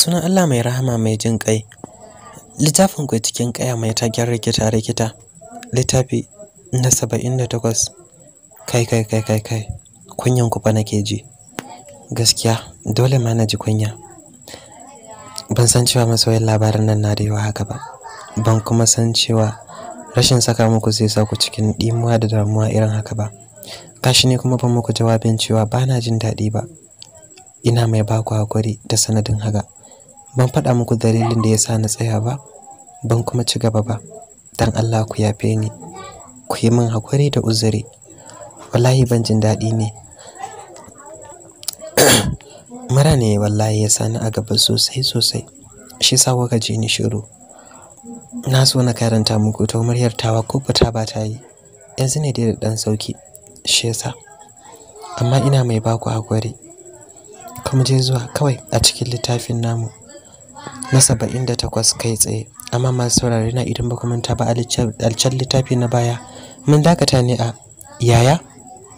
sunan Allah mai rahama mai jin kai littafin ku cikin kaya mai taken rikita rikita littafi na saba'in da takwas kai kai kai kai kai kunyan ku fa nake ji gaskiya dole ma na ji kunya ban san cewa masoyin labarin nan na da yawa haka ba ban kuma san cewa rashin saka muku zai sa ku cikin dimuwa da damuwa irin haka ba kashi ne kuma ban muku jawabin cewa ba na jin daɗi ba ina mai baku hakuri da sanadin haka ban faɗa muku dalilin da ya sa na tsaya ba ban kuma ci gaba ba dan Allah ku yafe ni ku yi min hakuri da uzuri wallahi ban jin daɗi ne mara ne wallahi ya sani a gaba sosai sosai shi sa waka ji ni shiru na so na karanta muku ta muryar tawa ko fita ba ta yi yanzu ne dai da ɗan sauki shi yasa amma ina mai baku hakuri kuma je zuwa kawai a cikin littafin namu na 78 kai tsaye amma masu saurare na idan baku manta ba alcan littafi na baya mun dakata ne a yaya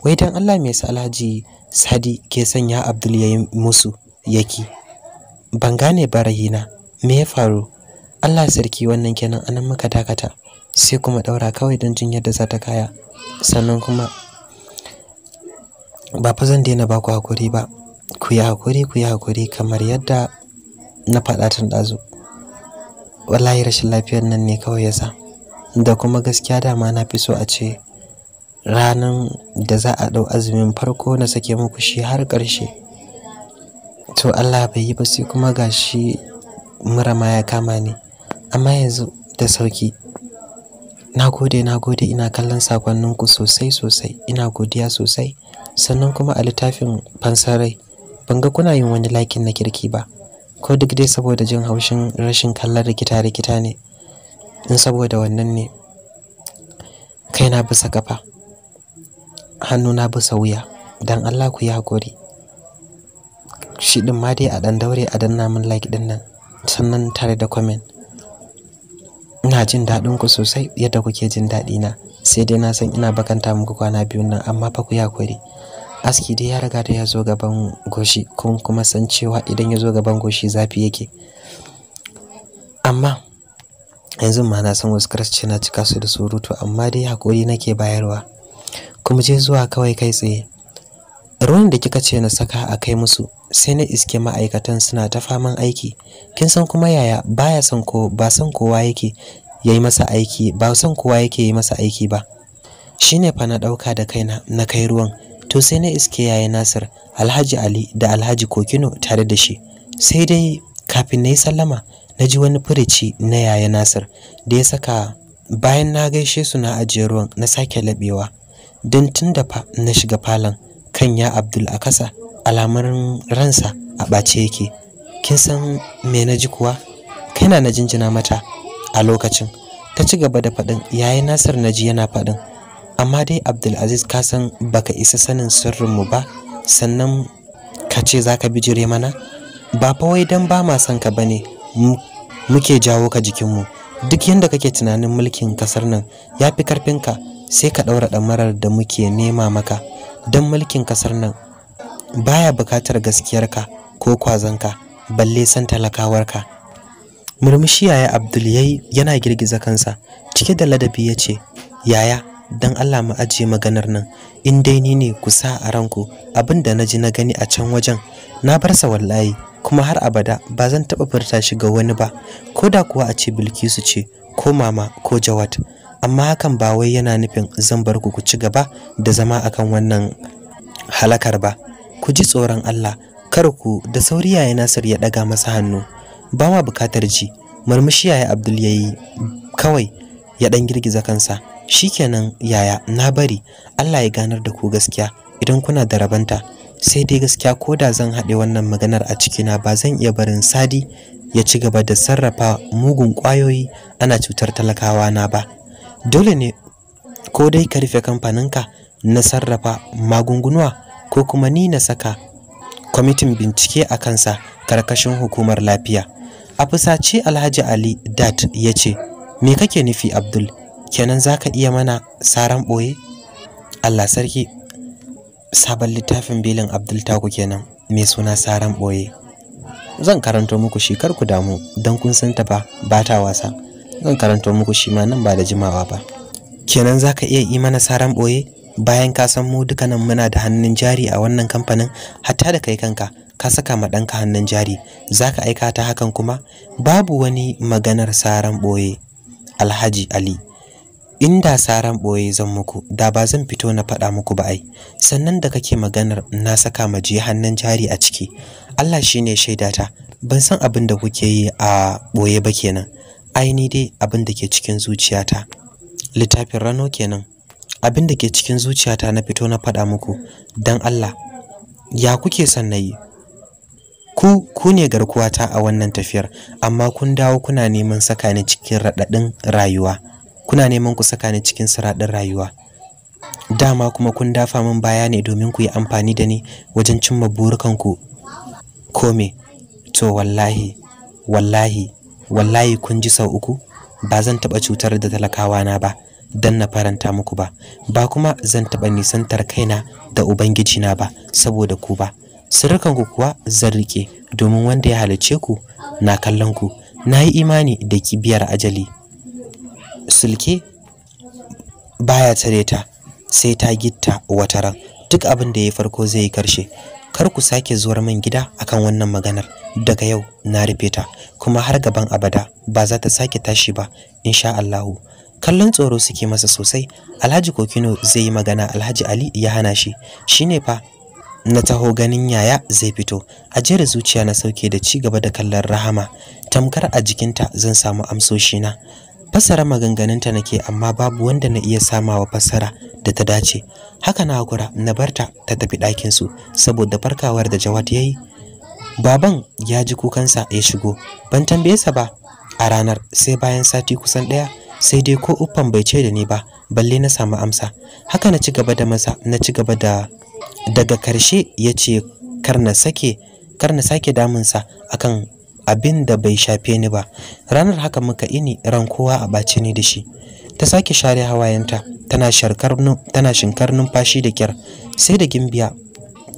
wai dan Allah mai sa Alhaji Sadi ke sanya Abdul yayi musu yaki ban gane barahina me ya faru Allah sarki wannan kenan anan muka dakata sai kuma daura kawai don jin yadda za ta kaya sannan kuma ba fa zan daina ba ku hakuri ba ku yi hakuri ku yi hakuri kamar yadda na faɗa tun ɗazu wallahi rashin lafiyar nan ne kawai yasa da kuma gaskiya dama na fi so a ce ranar da za a ɗau azumin farko na sake muku shi har ƙarshe to Allah bai yi ba sai kuma gashi mura ma ya kama ni amma yanzu da sauki na gode na gode ina kallon sakonninku sosai sosai ina godiya sosai sannan kuma a littafin fansarai ban ga kuna yin wani lakin na kirki ba ko duk dai saboda jin haushin rashin kallon rikita-rikita ne in saboda wannan ne kai na bisa kafa hannu na bisa wuya don Allah ku ya gori shi din ma dai a dan daure a danna min like din nan sannan tare da comment ina jin daɗin ku sosai yadda kuke jin daɗi na sai dai na san ina bakanta muku kwana biyun nan amma fa ku ya hakuri aski dai ya riga da ya zo gaban goshi kun kuma san cewa idan ya zo gaban goshi zafi yake amma yanzu ma na san wasu karshe na cika su da surutu amma dai hakori nake bayarwa kuma je zuwa kawai kai tsaye ruwan da kika ce na saka a kai musu sai na iske ma'aikatan suna ta faman aiki kin san kuma yaya baya san ko ba san kowa yake yayi masa aiki ba san kowa yake yi masa aiki ba shine fa na dauka da kaina na kai ruwan to sai na iske yayi Nasir Alhaji Ali da Alhaji Kokino tare da shi sai dai kafin na yi sallama na ji wani furici na yaya Nasir da ya saka bayan na gaishe su na ajiye ruwan na sake labewa don tun da fa na shiga falon kan ya Abdul Akasa alamarin ransa a ɓace yake kin san me na ji kuwa kaina na jinjina mata a lokacin ta ci gaba da faɗin yayi Nasir na ji yana faɗin amma dai abdulaziz ka san baka isa sanin sirrinmu ba sannan ka ce za ka bijire mana ba fa wai don ba ma son ka ba ne muke jawo ka jikinmu duk yadda kake tunanin mulkin kasar nan ya fi karfinka sai ka ɗaura ɗamarar da muke nema maka don mulkin kasar nan baya bukatar ka ko kwazonka balle san ka. murmushi yaya abdul yayi yana girgiza kansa cike da ladabi ya ce yaya dan Allah mu ajiye maganar nan in dai ni ne ku sa a ranku Abinda da na ji na gani a can wajen na bar sa wallahi kuma har abada ba zan taɓa furta shi ga wani ba ko da kuwa a ce Bilkisu ce ko mama ko Jawad amma hakan ba wai yana nufin zan bar ku ku ci gaba da zama akan wannan halakar ba ku ji tsoron Allah kar ku da sauri yaya Nasir ya daga masa hannu ba ma bukatar ji murmushi yaya Abdul yayi kawai ya dan girgiza kansa shikenan yaya na bari Allah ya ganar da ku gaskiya idan kuna da rabanta sai dai gaskiya ko da zan haɗe wannan maganar a cikina ba zan iya barin sadi ya ci gaba da sarrafa mugun ƙwayoyi ana cutar talakawa na ba dole ne ko dai ka rufe kamfaninka na sarrafa magungunwa ko kuma ni na saka kwamitin bincike a kansa karkashin hukumar lafiya a fusace alhaji ali dat ya ce me kake nufi abdul kenan zaka iya mana saran boye Allah sarki sabon littafin bilin Abdul Taku kenan mai suna saran boye zan karanto muku shi kar ku damu dan kun san ta ba ba ta wasa zan karanto muku shi ma nan ba da jimawa ba kenan zaka iya yi mana saran boye bayan ka san mu dukanan muna da hannun jari a wannan kamfanin hatta da kai kanka ka saka ma ɗanka hannun jari zaka aika ta hakan kuma babu wani maganar saran boye Alhaji Ali inda saran boye zan muku da ba zan fito na faɗa muku ba ai sannan da kake maganar na saka ma je hannun jari a ciki Allah shine shaidata ban san abin da kuke yi a boye ba kenan ai ni dai abin da ke cikin zuciyata littafin rano kenan abin da ke cikin zuciyata na fito na faɗa muku dan Allah ya kuke son nayi ku ku ne ta a wannan tafiyar amma kun dawo kuna neman saka ni cikin raɗaɗin rayuwa kuna neman ku saka ni cikin saradin rayuwa dama kuma kun dafa min baya ne domin ku yi amfani da ni wajen cimma ku kome to wallahi wallahi wallahi kun ji sau uku ba zan taɓa cutar da talakawa na ba dan na faranta muku ba ba kuma zan taɓa nisantar kaina da ubangiji na ba saboda ku ba ku kuwa zan rike domin wanda ya halicce ku na kallon ku na yi imani da kibiyar ajali silke baya tare ta sai ta gitta wataran. duk abin da yayi farko zai yi karshe kar ku sake zuwar min gida akan wannan maganar daga yau na rufe ta kuma har gaban abada ba za ta sake tashi ba insha Allah kallon tsoro suke masa sosai Alhaji Kokino zai yi magana Alhaji Ali ya hana shi shine fa na taho ganin yaya zai fito a jere zuciya na sauke da ci gaba da kallon rahama tamkar a jikinta zan samu amsoshi na fassara maganganunta nake amma babu wanda na iya samawa fassara da ta dace haka na hakura na barta ta tafi ɗakin su saboda farkawar da Jawad yayi baban ya ji kukansa ya shigo ban tambaye sa ba a ranar sai bayan sati kusan ɗaya sai dai ko uffan bai ce da ni ba balle na samu amsa haka na ci gaba da masa na ci gaba da daga karshe ya ce kar na sake kar na sake damunsa akan abin da bai shafe ni ba ranar haka muka ini ran kowa a ɓaci ni da shi ta sake share hawayenta tana sharkar tana shinkar numfashi da kyar sai da gimbiya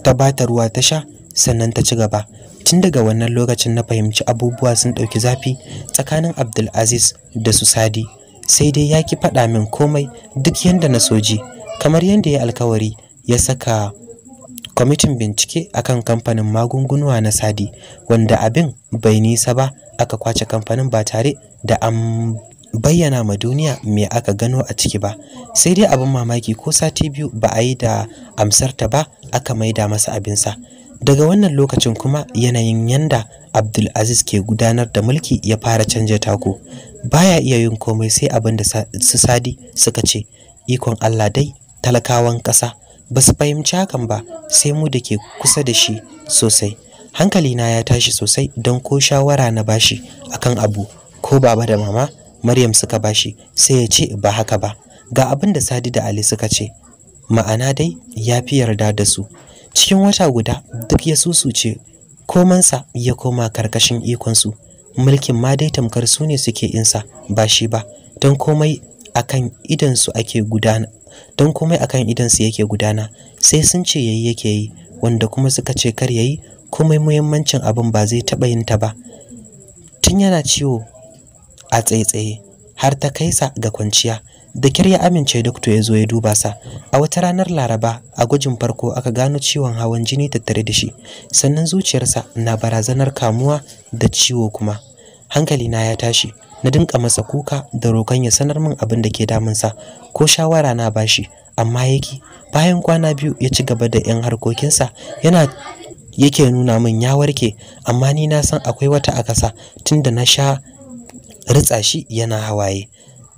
ta bata ruwa ta sha sannan ta ci gaba tun daga wannan lokacin na fahimci abubuwa sun ɗauki zafi tsakanin abdulaziz da su sadi sai dai ya ki faɗa min komai duk yadda na soji kamar yadda ya alkawari ya saka kwamitin bincike akan kamfanin magunguna na Sadi wanda abin bai nisa ba aka kwace kamfanin ba tare da an bayyana ma duniya me aka gano a ciki ba sai dai abin mamaki ko sati biyu ba a yi da amsarta ba aka maida masa abinsa daga wannan lokacin kuma yanayin yanda Abdulaziz ke gudanar da mulki ya fara canja taku baya iya yin komai sai abin da su Sadi suka ce ikon Allah dai talakawan ƙasa ba su fahimci hakan ba sai mu da ke kusa da shi sosai Hankali na ya tashi sosai don ko shawara na bashi akan abu ko baba da mama maryam suka bashi sai ya ce ba haka ba ga abin da sadi da ali suka ce ma'ana dai ya fi yarda da su cikin wata guda duk ya susuce komansa ya koma karkashin ikonsu mulkin ma dai tamkar su ne suke insa ba shi ba don komai akan idansu ake gudana don komai akan idansu yake gudana sai sun ce yayi yake yi wanda kuma suka ce kar yayi komai muhimmancin abin ba zai taɓa yin ta ba tun yana ciwo a tsaitsaye har ta kaisa ga kwanciya da kyar ya amince dokto ya zo ya duba sa a wata ranar laraba a gwajin farko aka gano ciwon hawan jini tattare da shi sannan zuciyarsa na barazanar kamuwa da ciwo kuma hankali na ya tashi na dinka masa kuka da roƙon ya sanar min abin da ke damunsa ko shawara na bashi amma yake bayan kwana biyu ya ci gaba da yan harkokinsa yana yake nuna min ya warke amma ni na san akwai wata akasa tunda na sha ritsa shi yana hawaye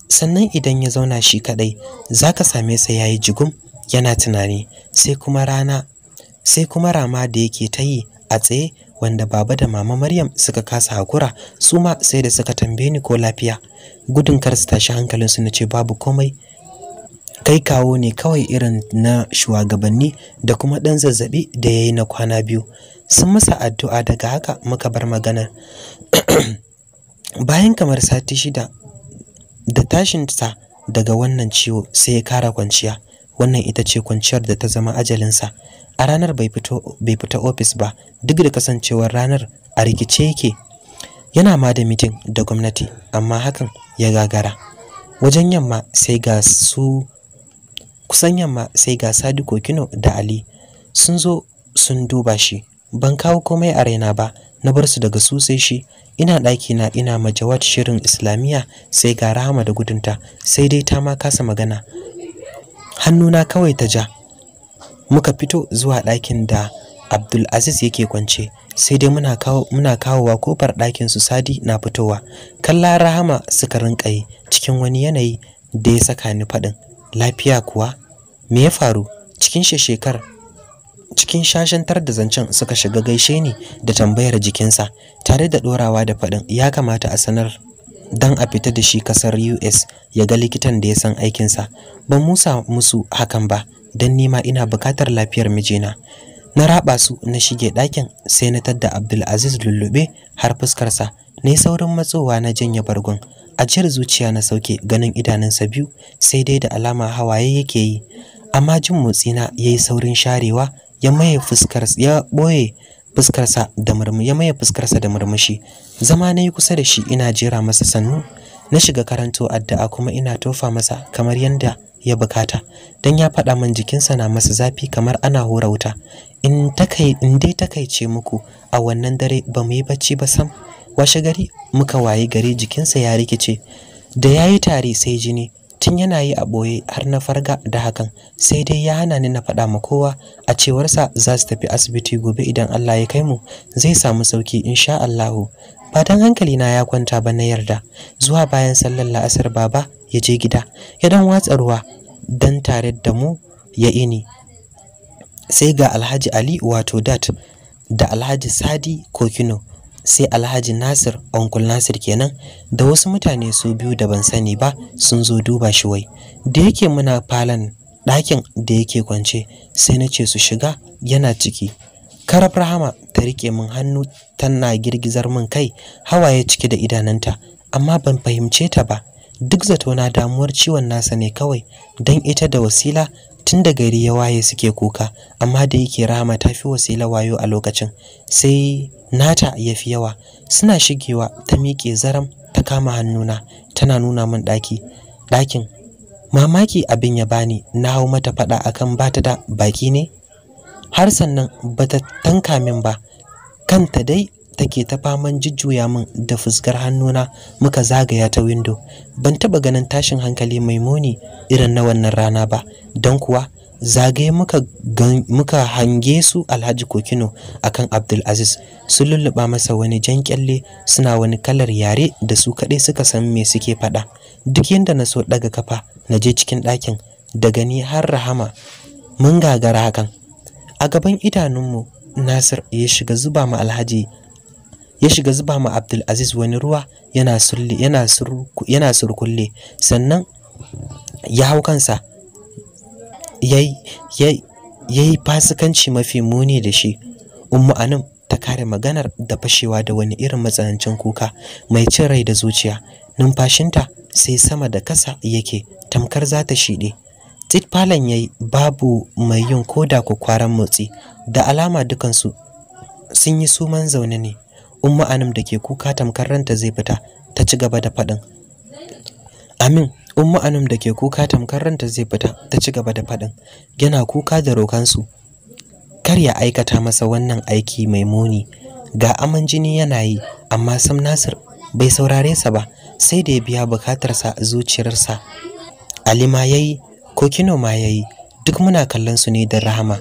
sannan idan ya zauna shi kadai zaka same sa yayi jigum yana tunani sai kuma rana sai kuma rama da yake ta yi a tsaye wanda baba da mama Maryam suka kasa hakura su ma sai da suka tambaye ni ko lafiya gudun kar su tashi hankalin su nace babu komai kai kawo ne kawai irin na shugabanni da kuma dan zazzabi da yayi na kwana biyu sun masa addu'a daga haka muka bar magana. bayan kamar sati shida da tashin tashinsa daga wannan ciwo sai ya kara kwanciya wannan ita ce kwanciyar da ta zama ajalinsa a ranar bai fita ofis ba duk da kasancewar ranar a rikice yake yana ma da mitin da gwamnati amma hakan ya gagara wajen yamma sai ga su kusan yamma sai ga sadi Kino da Ali sun zo sun duba shi ban kawo komai a raina ba na bar su daga su sai shi ina ɗaki na ina majawat shirin islamiyya sai ga rahama da gudunta sai dai ta ma kasa magana hannuna kawai ta ja muka fito zuwa ɗakin da Abdul Abdulaziz yake kwance sai dai muna kawo muna kawowa kofar ɗakin su Sadi na fitowa kalla Rahama suka rinka yi cikin wani yanayi da ya saka ni faɗin lafiya kuwa me ya faru cikin shekar cikin shashantar da zancen suka shiga gaishe ni da tambayar jikinsa tare da ɗorawa da faɗin ya kamata a sanar dan a fita da shi kasar US ya ga likitan da ya san aikinsa ban musa musu hakan ba don nima ina bukatar lafiyar mijina na raba su na shige ɗakin sai na tadda abdulaziz lullube har fuskarsa ne saurin matsowa na janye bargon ajiyar zuciya na sauke ganin idanunsa biyu sai dai da alama hawaye yake yi amma jin motsina ya yi saurin sharewa ya maye fuskarsa ya ɓoye fuskarsa da murmushi ya maye fuskarsa da murmushi zama na kusa da shi ina jera masa sannu na shiga karanto addu'a kuma ina tofa masa kamar yadda ya bukata dan ya faɗa min jikinsa na masa zafi kamar ana hura wuta in dai takaice muku a wannan dare ba mu yi bacci ba sam washe gari muka waye gari jikinsa ya rikice da yayi yi tari sai jini tun yana yi a ɓoye har na farga da hakan sai dai ya hana ni na faɗa ma kowa a cewarsa za su tafi asibiti gobe idan Allah ya kai mu zai samu sauki insha Allahu ba dan hankali na ya kwanta ba na yarda zuwa bayan sallar la'asar baba ya je gida ya dan watsa ruwa dan tare da mu ya ini sai ga Alhaji Ali wato dat da Alhaji Sadi Kokino sai Alhaji Nasir Onkul Nasir kenan da wasu mutane su biyu da ban sani ba sun zo duba shi wai da yake muna falon ɗakin da yake kwance sai na ce su shiga yana ciki Karab Rahama ta rike min hannu tana girgizar min kai hawaye cike da idananta amma ban fahimce ta ba duk zato na damuwar ciwon nasa ne kawai don ita da wasila tun da gari ya waye suke kuka amma da yake rahama ta fi wasila wayo a lokacin sai nata ya fi yawa suna shigewa ta miƙe zaram ta kama hannuna tana nuna min ɗaki ɗakin mamaki abin ya bani na hau mata faɗa akan bata da baki ne har sannan bata tanka min ba kanta dai take ta faman jujjuya min da fuskar hannuna muka zagaya ta window ban taba ganin tashin hankali mai muni irin na wannan rana ba don kuwa zagaye muka muka hange su Alhaji Kokino akan Abdul Aziz su lulluba masa wani jan kyalle suna wani kalar yare da su kaɗai suka san me suke faɗa duk yanda na so daga kafa na je cikin ɗakin da gani har rahama mun gagara hakan a gaban idanunmu Nasir ya shiga zuba ma Alhaji ya shiga zuba ma Abdulaziz wani ruwa yana surli yana sur yana surkulle sannan ya hau kansa yayi yayi fasikanci mafi muni da shi Ummu Anum ta kare maganar da fashewa da wani irin matsanancin kuka mai cin rai da zuciya numfashinta sai sama da kasa yake tamkar za ta shiɗe Tit falon yayi babu mai yin koda ko kwaran motsi da alama dukansu sun yi suman zaune ne umma anam da ke kuka tamkar ranta zai fita ta ci gaba da fadin amin umma anam da ke kuka tamkar ranta zai fita ta ci gaba da faɗin yana kuka da rokan su. kar ya aikata masa wannan aiki mai muni ga aman jini yana yi amma sam nasir bai saurare sa ba sai da ya biya bukatarsa sa alima yayi kino ma yayi duk muna kallon su ne da rahama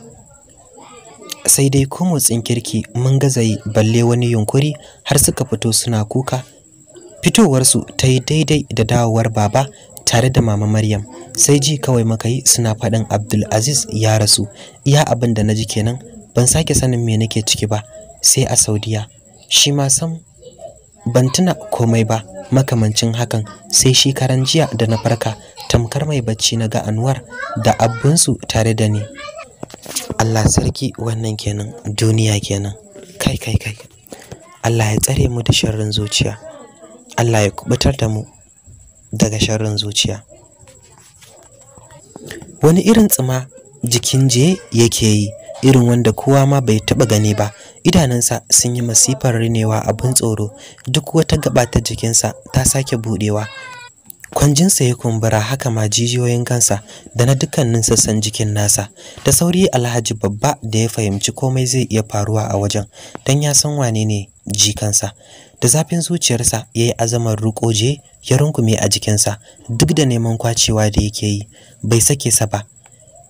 sai dai ko motsin kirki mun gazayi balle wani yunkuri har suka fito suna kuka fitowarsu ta yi daidai da dawowar baba tare da mama maryam sai ji kawai muka yi suna faɗin abdulaziz ya rasu iya abin da na ji kenan ban sake sanin me nake ciki ba sai a saudiya shi ma sam ban tuna komai ba makamancin hakan sai shi karan jiya da na farka tamkar mai bacci na ga anwar da abinsu tare da ni Allah sarki wannan kenan duniya kenan kai kai kai Allah ya tsare mu da sharrin zuciya Allah ya kubutar da mu daga sharrin zuciya wani irin tsima jikin je yake yi irin wanda kowa ma bai taba gani ba idanunsa sun yi masifar rinewa abin tsoro duk wata gaba ta jikinsa ta sake budewa kwanjinsa ya kumbura haka ma jijiyoyin kansa da na dukkanin sassan jikin nasa da sauri alhaji babba da ya fahimci komai zai iya faruwa a wajen Dan ya san wane ne jikansa da zafin zuciyarsa ya yi azamar rukoje ya rungume a jikinsa duk da neman kwacewa da yake yi bai sake sa ba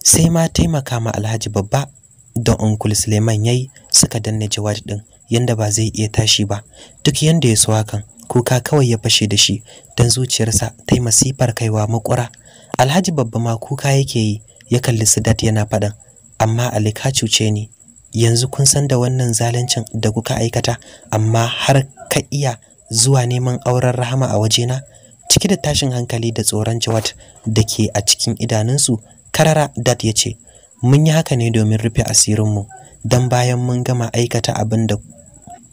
sai ma taimaka ma alhaji babba da onkul suleiman ya yi suka danne jawad din yanda ba zai iya tashi ba duk yanda ya so hakan kuka kawai ya fashe da shi dan zuciyarsa tai masifar kaiwa makura alhaji babba ma kuka yake yi ya kalli su dad yana faɗan amma Ali ka cuce ni yanzu kun san da wannan zalancin da kuka aikata amma har ka iya zuwa neman auren rahama a waje na? Ciki da tashin hankali da tsoron jawat da ke a cikin idanunsu karara dat ya ce mun yi haka ne domin rufe asirinmu don bayan mun gama aikata abin da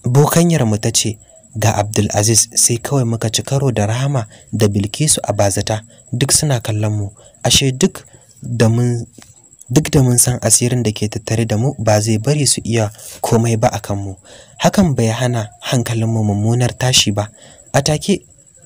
bokanyar mu ta ce ga Abdulaziz sai kawai muka ci karo da Rahama da Bilkisu a bazata duk suna kallon mu ashe duk da mun duk da mun san asirin da ke tattare da mu ba zai bari su iya komai ba akan mu hakan bai hana hankalin mu mummunar tashi ba A take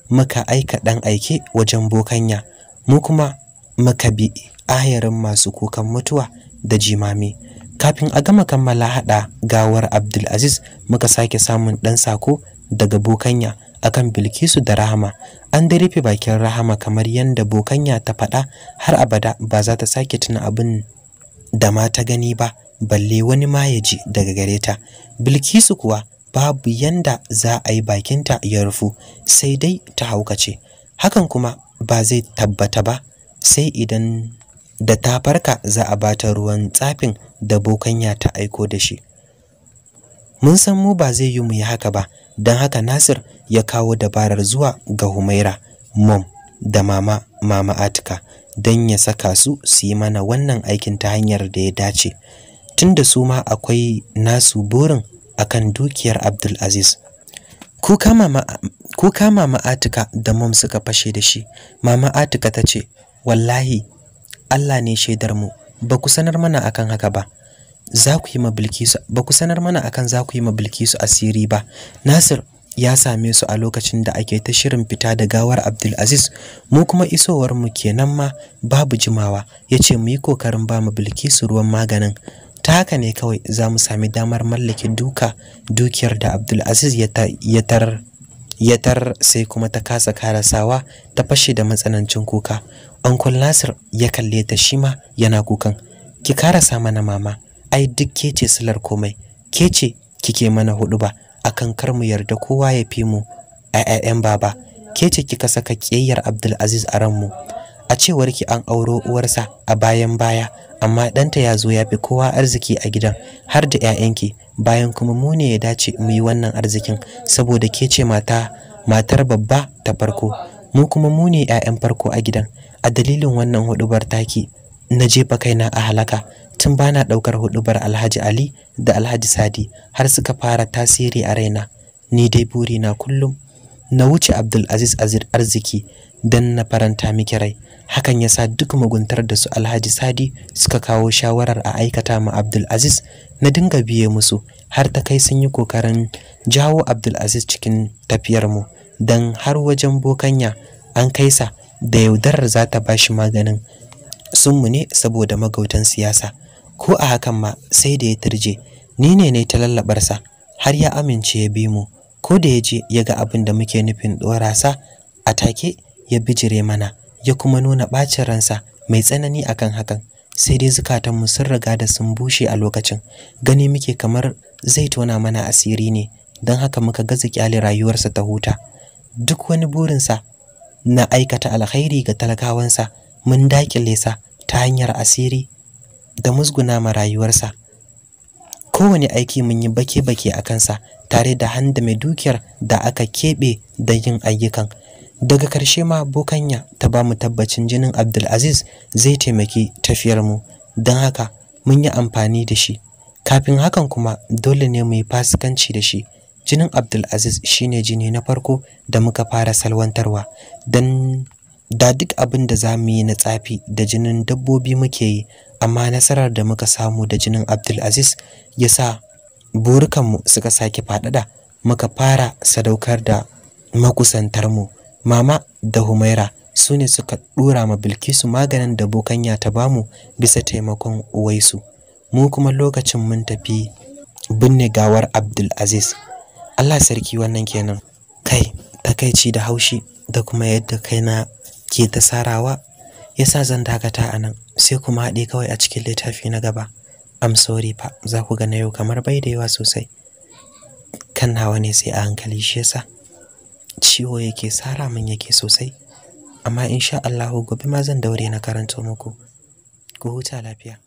muka aika dan aike wajen bokanya mu kuma muka bi ayarin masu kukan mutuwa da jimami kafin a gama kammala haɗa gawar Abdulaziz muka sake samun ɗan sako daga Bokanya akan Bilkisu da Rahama an da rufe bakin Rahama kamar yadda Bokanya ta faɗa har abada ba za ta sake tuna abin da ma ta gani ba balle wani ma ya ji daga gare ta Bilkisu kuwa babu yadda za a yi bakinta ya rufu sai dai ta haukace hakan kuma ba zai tabbata ba sai idan da ta farka za a bata ruwan tsafin da bokanya ta aiko da shi mun san mu ba zai yi mu yi haka ba don haka Nasir ya kawo dabarar zuwa ga Humaira mom da mama mama Atika don ya saka su su yi mana wannan aikin ta hanyar da ya dace tunda su ma akwai nasu burin akan dukiyar Abdul Aziz kuka mama kuka mama Atika da mom suka fashe da shi mama Atika ta ce wallahi Allah ne shaidar mu ba ku sanar mana akan haka ba za ku yi ma Bilkisu ba ku sanar mana akan za ku yi mabilkisu asiri ba Nasir ya same su a lokacin da ake ta shirin fita da gawar Abdulaziz mu kuma isowar mu kenan ma babu jimawa yace mu yi kokarin ba mu Bilkisu ruwan maganin ta haka ne kawai za mu sami damar mallake duka dukiyar da Abdulaziz ya ya ya tar sai kuma ta kasa karasawa ta fashe da matsanancin kuka Uncle Nasir ya kalle ta shi ma yana kukan. Ki karasa mana mama, ai duk kece ce silar komai. kece kike mana hudu ba akan kar mu yarda kowa ya fi mu a 'yan baba. kece kika saka kiyayyar Abdul Aziz a mu. A cewar ki an auro uwarsa a bayan baya, amma ɗanta ya zo ya fi kowa arziki a gidan har da ƴaƴanki. Bayan kuma mu ne ya dace mu yi wannan arzikin saboda kece mata matar babba ta farko. Mu kuma mu ne ƴaƴan farko a gidan. a dalilin wannan hudubar taki na jefa kaina a halaka tun bana daukar hudubar Alhaji Ali da Alhaji Sadi har suka fara tasiri a raina ni dai buri na kullum na wuce Abdul Aziz Azir Arziki don na faranta miki rai hakan ya sa duk muguntar da su Alhaji Sadi suka kawo shawarar a aikata ma Abdul Aziz na dinga biye musu har ta kai sun yi kokarin jawo Abdul Aziz cikin tafiyar mu dan har wajen bokanya an kaisa da yaudarar za ta ba shi maganin sunmu ne saboda magautan siyasa ko a hakan ma sai da ya turje ni ne ne ta lallabarsa har ya amince ya bi mu ko da ya je ya ga abin da muke nufin ɗora a take ya bijire mana ya kuma nuna ɓacin ransa mai tsanani akan hakan sai dai zukatanmu sun riga da sun bushe a lokacin gani muke kamar zai tona mana asiri ne don haka muka gaza ƙyale rayuwarsa ta huta duk wani burinsa na aikata alkhairi ga talakawansa mun dakile sa ta hanyar asiri da musguna marayuwarsa. rayuwarsa kowane aiki mun yi bake-bake a kansa tare da handa mai dukiyar da aka keɓe da yin ayyukan daga karshe ma bokanya ta ba mu tabbacin jinin abdulaziz zai taimaki tafiyarmu don haka mun yi amfani da shi kafin hakan kuma dole ne mu yi fasikanci da shi jinin abdul-aziz shine jini na farko da muka fara salwantarwa dan da duk abin da za mu yi na tsafi da jinin dabbobi muke yi amma nasarar da muka samu da jinin aziz ya sa burukanmu suka sake faɗaɗa muka fara sadaukar da makusantarmu mama da humaira su ne suka ɗora ma bilkisu maganin da bokanya ta bamu bisa taimakon uwaisu mu kuma lokacin mun tafi binne gawar abdul-aziz Allah sarki wannan kenan kai takaici da haushi da kuma yadda kaina ke ta sarawa yasa zan dakata a nan sai kuma haɗe kawai a cikin littafi na gaba am sorry fa za ku ga na yau kamar bai da yawa sosai kan nawa ne sai a hankali shi yasa ciwo yake sara min yake sosai amma insha Allah gobe ma zan daure na karanto muku ku huta lafiya